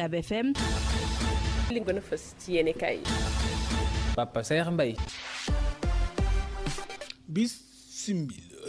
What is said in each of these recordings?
UCAB FM li a fës bis simbi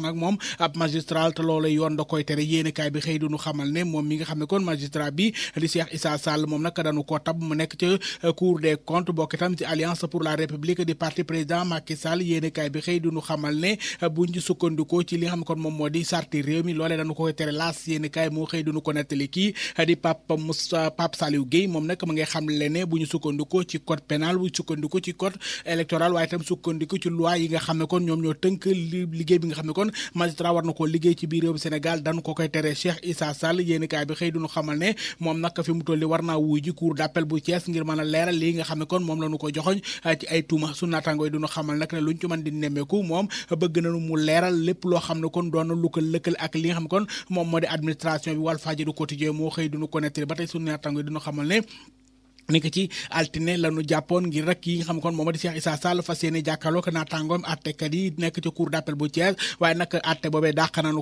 moom da koy tere yéenekaay bi xëy duñu xamal ne moom mi nga xam ne kon magistrat bi di euh, euh, moo di sarti réew mi loolee dañu koy tere laas yéenekaay moo xëy duñu ko nettali kii euh, di Pape Moussa Pape Saliou Guèye moom nag ma ngay xam le ne sukkandikoo ci code pénal bu sukkandikoo ci code électoral waaye itam sukkandikoo ci loi yi nga xam kon ñoom ñoo tënk liggéey bi nga xam kon magistrat war na ko liggéey ci biir réewum Sénégal dañu ko koy tere Cheikh Issa Sall yéenekaay bi xëy duñu xamal ne moom nag fi mu toll war naa wuy ji cour d'appel bu cees ngir mën a leeral lii nga xam ne kon moom la ñu ko joxoñ ah, ay tuuma su naataangoo yi duñu xamal nag ne luñ ci man di nemmeeku moom bëgg na nu mu leeral lépp loo xam ne kon doon na lu ko lëkkal ak li nga xam kon moom moo di administration bi Walf Fadjri Quotidien moo xëy duñu connecté ba tey su naataangoo yi duñu xamal nekk ci altine la ñu jàppoon ngir rek yi nga xam kon moom di Cheikh Issa Sall fas yéene jàkkaarloo ak naataangoom àttekat yi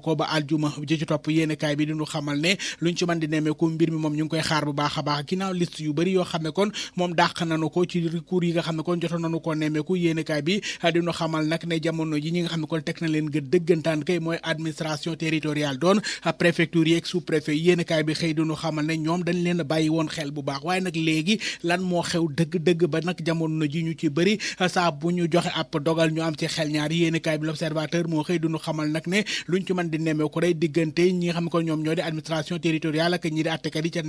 ko ba aljuma ji ci topp bi di ñu xamal ne luñ ci mën di nemmeeku mbir mi moom ñu ngi koy xaar bu baax a baax ginnaaw yoo xam ne kon moom dàq nañu yi nga xam ne kon jotoon nañu ko nemmeeku yéenekaay bi di ñu xamal nag ne jamono ji ñi nga xam ne kon teg na leen gën dëggantaan kay mooy administration territoriale doon préfecture yeeg sous préfet kaay bi xëy di ñu xamal ne ñoom dañ leen bàyyi woon xel bu baax waaye nag léegi gi lan moo xew dëgg-dëgg ba nag jamono ji ñu ci bëri saa ñu joxe ab dogal ñu am ci xel ñaar yéen bi l'observateur moo xëy duñu xamal nag ne luñ ci mën di nemmeeku rek diggante ñi nga xam ne ko ñoom ñoo di administration territoriale ak ñi di àttekat yi ca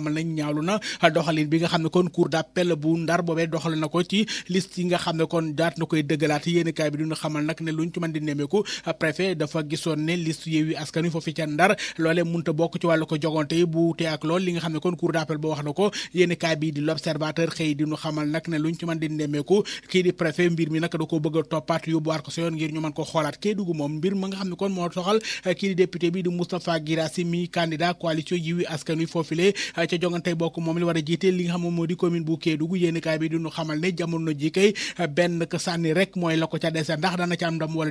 na doxalin bi nga xam ne ko ci liste yi nga xam ne kon na koy dëggalaat yéen kaay bi ne luñ ci mën di nemmeeku préfet dafa gisoon ne liste Yewwi Askan Wi foofu ca ndar loolee munta bokk ci wàllu ko jogante yi wuutee ak lool li nga xam ne kon cour d'appel ba wax na ko yéen kaay bii di l'observateur xëy di xamal nag ne luñ ci mën di ndemeeku kii di préfet mbir mi nag da koo bëgg a toppaat yóbbuwaat ko ko soxal kii di député bi di Moustapha Guirassy mi candidat coalition Yewwi Askan Wi foofile ca jongante bokk moom li war a li nga xam moo di commune bu Kédougou yéen kaay bi di xamal ne jamono ji kay benn sànni rek mooy la ko ca dese ndax dana ca am ndam wala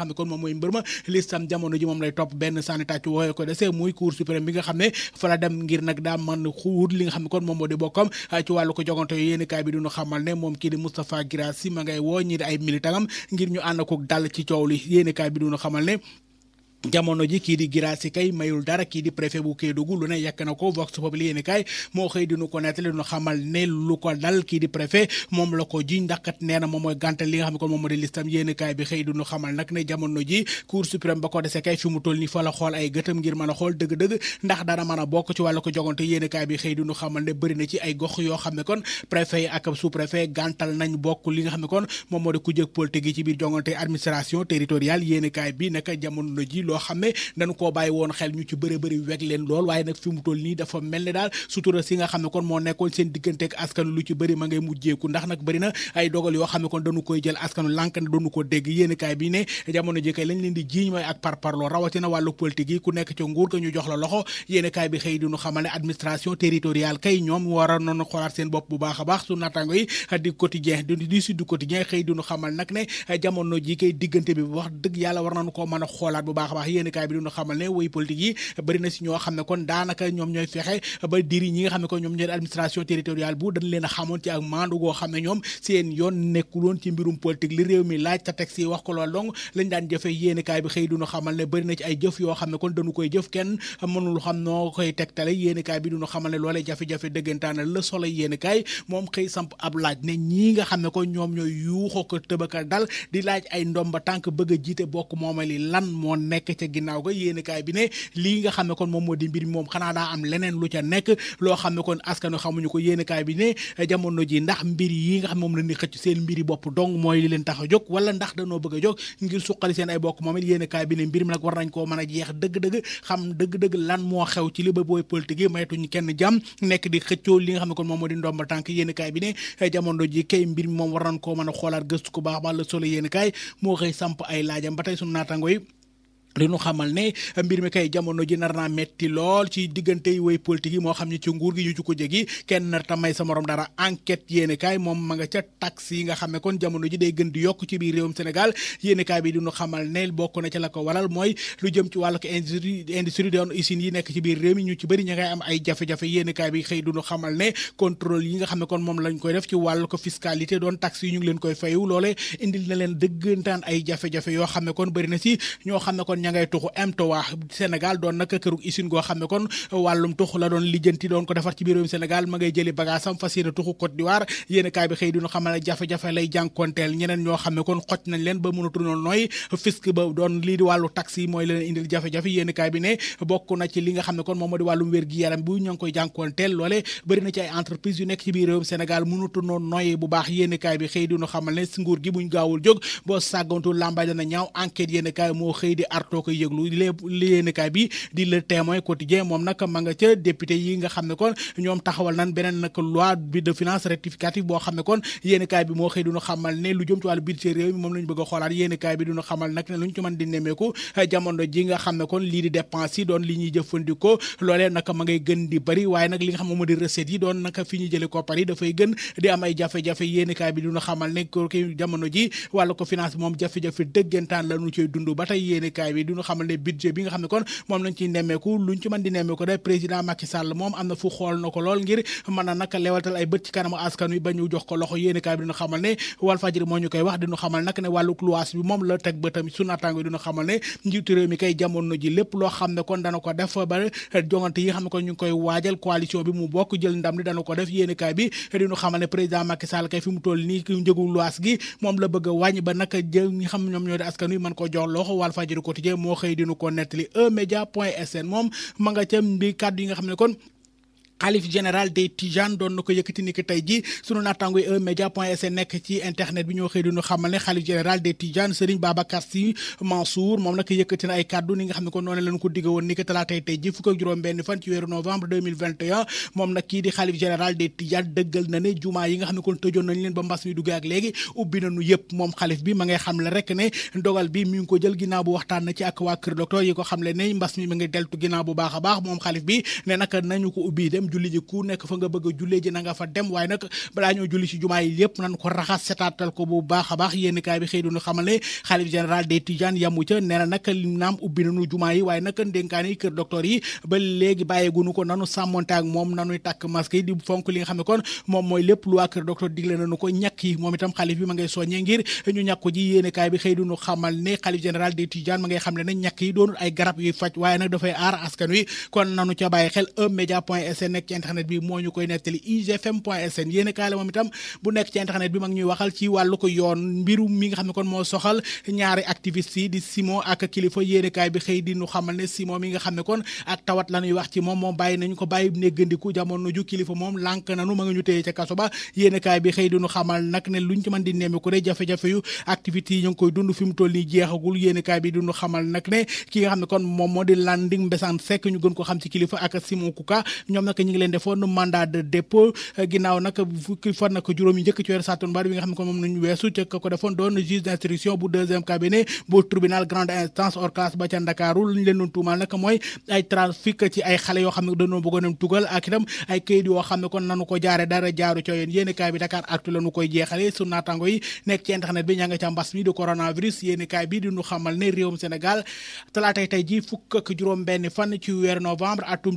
xam ne kon moom mooy mbër ma listam jamono ji moom lay topp benn sànni tàcc wooye ko dese muy cour suprême bi nga xam ne fa dem ngir nag daa man xuut li nga xam ne kon moom moo di bokkam ah, ci wàllu ko jogante yo yéeni kaay bi duñu xamal ne moom kii di Moustapha Guirassy ma ngay woo ñi di ay militantam ngir ñu ànd ko dal ci coow li yéeni kaay bi duñu xamal ne jamono ji kii di Guirassy kay mayul dara kii di préfet bu Kédougou lu ne yàkk na ko vox populi yéeni ko nettali nu xamal ne lu ko dal kii di préfet moom la ko jiñ ndax nee na moom mooy gàntal li nga xam ne kon moom moo di listam yéeni kaay bi xëy di ji cour suprême ba ko dese kay fi mu toll ni fa la xool ay gëtam ngir mën a xool dëgg-dëgg ndax dara mën a bokk ci wàllu ko jogante yéeni kaay bi xëy di nu xamal ne bëri na ci ay gox yoo xam ne kon préfet yi ak sous préfet nañ bokk li nga xam ne kon moom moo di ku jëk politique yi ci biir jongante administration territoriale yéeni kaay bi naka jamono ji loo xam ne dañu koo bàyyi woon xel ñu ci bëri bëri weg leen lool waaye nag fi mu toll nii dafa mel ni daal sutura si nga xam ne kon moo nekkoon seen diggante ak askanu lu ci bëri ma ngay mujjeeku ndax nag bëri na ay dogal yoo xam ne kon dañu koy jël askanu lànk na dañu ko dégg yéen kaay bi ne jamono leen di jiiñ mooy ak parparloo rawatina wàllu politique yi ku nekk ca nguur ga ñu jox la loxo yéen kaay bi xëy di xamal ne administration territoriale kay ñoom war a noonu xoolaat seen bopp bu baax a baax su naataango yi di quotidien di sud du quotidien xëy di ñu xamal nag ne jamono a wax yéen kaay bi dina xamal ne woy politique yi bëri na si ñoo xam ne kon a xamoon bi xëy dina xamal ne bëri na ci ay jëf yoo xam ne kon dañu koy jëf kenn mënul xam noo koy tegtale yéen kaay jafe-jafe dëggantaan la solo yéen kaay moom xëy samp ab laaj ne ñii nga xam ne ñoom ñooy yuuxoo ko tëbaka dal di laaj ay ndomba tànk bëgg a jiite bokk moomali lan moo nekk nekk ca ginnaaw ga yéenekaay bi ne lii nga xam ne kon moom moo di mbir moom xanaa daa am leneen lu ca nekk loo xam ne kon askanu xamuñu ko yéenekaay bi ne jamono ji ndax mbir yi nga xam moom la ni xëcc seen mbiri bopp dong mooy li leen tax a jóg wala ndax danoo bëgg a jóg seen ay bokk moom it yéenekaay bi ne mbir mi nag war nañ koo mën a jeex dëgg-dëgg xam dëgg-dëgg lan moo xew ci li ba booy kenn jàmm nekk di xëccoo li nga xam ne kon moom moo di ndomba tànk yéenekaay bi ne jamono ji kay mbir moom war nañ koo mën a xoolaat gëstu ko baax baax la solo yéenekaay moo xëy samp ay laajam ba tey sunu naataango yi li nu xamal ne mbir mi kay jamono ji nar naa metti lool ci diggante yi way politique yi moo xam ne ci nguur gi ñu ci ko jegi kenn nar ta may sa moroom dara enquête yéeni kaay moom ma nga ca taxe yi nga xam ne kon jamono ji day gën di yokk ci biir réewum Sénégal yéeni kaay bi xamal ne bokk na ci la ko mooy lu jëm ci wàllu ko industrie industrie doon usines yi nekk ci biir réew mi ñu ci bëri ñu ngay am ay jafe-jafe yéeni kaay bi xëy du nu xamal ne contrôle yi nga xam ne kon moom lañ koy def ci wàll ko fiscalité doon taxe yi ñu ngi leen koy fayu loole indil na leen dëggantaan ay jafe xam ne kon bëri na si kon ña ngay tuxu mtowa Sénégal doon nag kërug usine goo xam kon wàllum tux la doon lijjanti doon ko defar ci biir réewum Sénégal ma ngay jëli xam ne kon xoj nañ leen ba ba doon lii di wàllu taxi mooy leen indil jafe-jafe yéen bi ne bokk na ci li nga xam ne kon moom moo di wàllum wér yu nekk ci biir réewum Sénégal mënatu noonu nooy bu baax yéen bi xëy dinu xamal ne nguur gi buñ gaawul jóg boo sàggantu làmbaay dana ñaaw enquête yéen moo xëy di artu noo koy yëglu kaay bi di le témoin quotidien moom nag ma nga ca député yi nga xam ne kon ñoom taxawal nan beneen nag loi bi de finance rectificative boo xam ne kon yéenekaay bi moo xëy duñu xamal ne lu jëm ci wàllu budget moom lañu bëgg xoolaat yéenekaay bi duñu xamal nag ne lu ñu ci mën di ji nga xam ne kon lii di dépense yi doon li ñuy jëfandikoo loolee nag ma ngay gën di bëri waaye nag li nga xam moom di recettes yi doon nag fi ñuy jële koppar yi dafay gën di am ay jafe-jafe yéenekaay bi duñu xamal ne ko jamono ji wàllu ko finance moom jafe-jafe dëggantaan la ñu cay dund ba tey yéenekaay bi bi duñu xamal ne budget bi nga xam ne kon moom a la teg bëtam ba jongante jël a xam ñoom ñoo di askan wi mën ko jox loxo Walfadjri quotidien moo xëy dinu ko nettali eMédia point sn moom ma nga ca mbi kàddu yi nga xam ne kon xalif général des Tidiane doon na ko yëkkati ki tey ji sunu naataangoy eMédia point sn nekk ci internet bi ñoo xëy di xamal ne xalif général des Tidiane Serigne Babacar Sy Mansour moom nag yëkkati ay kaddu ni nga xam ne ko noonu lañ ko digge woon ni ki talaatay tey ji fukk juróom-benn fan ci weeru novembre moom nag kii di xalif général des Tidiane dëggal na ne jumaa yi nga xam ne tëjoon nañ leen ba mbas mi duggee ak léegi ubbi na ci ak ko xam le ne mbas mi ma ngi a baax moom xalif bi dem julli ji ku nekk fa nga bëgg a jullee ji na nga fa dem waaye nag balaa ñoo julli ci jumaa yi yépp nan ko raxas setaatal ko bu baax a baax yénn kaay bi xëy dunu xamal ne xaalif général des Tidianes ma ngay xam ne ne yi doonul ay garab yuy faj waaye nag dafay aar askan wi kon nanu ca bàyyi xel eMédia point sn nekk ci internet bi moo ñu koy nettali igfm point sn yéen kaay la moom itam bu nekk ci internet bi mag ñuy waxal ci wàllu ko yoon mbirum mi nga xam ne kon moo yi nga xam ne kon ak la wax ci moom moom bàyyi nañu ko bàyyi néggandiku jamono ju Kilifeu moom lànk nanu ma nga ñu téye ca kaso ba yéen kaay bi xëy di ñu xamal nag ne luñ ci mën di nemmeeku de jafe-jafe yu activité yi fi mu toll nii jeexagul yéen kaay bi di ñu xamal nag ne ki nga xam ne kon moom moo di Landing Mbessane Seck ñu gën ko xam ci Kilifeu ak Simon Kouka ñoom nag ñu ngi leen defoon mandat de dépôt euh, ginnaaw nag fukki fan nag juróom yi njëkk ci weer sattumbar bi nga xam ne ko moom nañu weesu ca ko defoon doon juge d'instruction bu deuxième ca Ndakaaru yoo xam ne ko jaare dara jaaru ca yéen yéeni bi Dakar Actu nu koy jeexale su naataango yi nekk ci internet bi ña ca mbas mi di coronavirus yéeni kaay bi di nu xamal ne réewum Sénégal talaatay tey ji fukk ak juróom benn fan ci weer novembre atum